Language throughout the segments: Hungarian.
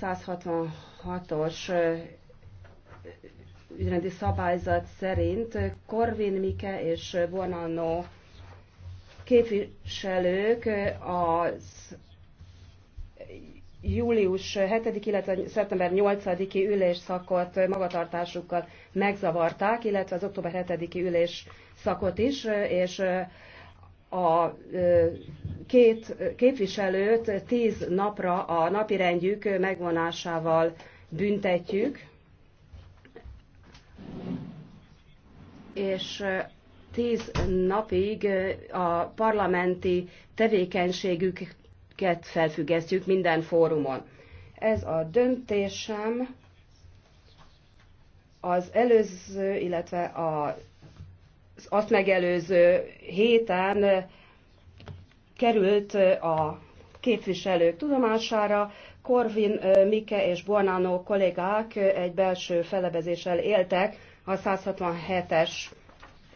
a 166-os ügyrendi szabályzat szerint Korvin Mike és Bonanno képviselők az július 7 illetve szeptember 8-i ülésszakot magatartásukkal megzavarták, illetve az október 7-i ülésszakot is, és a két képviselőt tíz napra a napirendjük megvonásával büntetjük, és tíz napig a parlamenti tevékenységüket felfüggesztjük minden fórumon. Ez a döntésem az előző, illetve az azt megelőző héten került a képviselők tudomására. Korvin Mike és Buonanno kollégák egy belső felebezéssel éltek a 167-es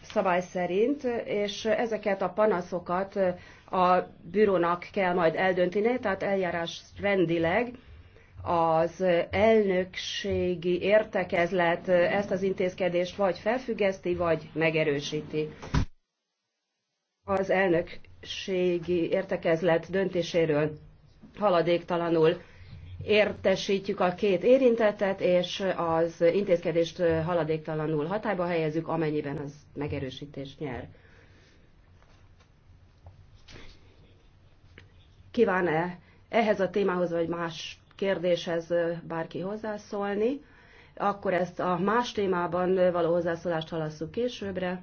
szabály szerint, és ezeket a panaszokat a bürónak kell majd eldönteni, tehát eljárás rendileg az elnökségi értekezlet ezt az intézkedést vagy felfüggeszti, vagy megerősíti az elnökségi értekezlet döntéséről haladéktalanul értesítjük a két érintettet, és az intézkedést haladéktalanul hatályba helyezzük, amennyiben az megerősítést nyer. Kíván-e ehhez a témához vagy más kérdéshez bárki hozzászólni? Akkor ezt a más témában való hozzászólást halasszuk későbbre.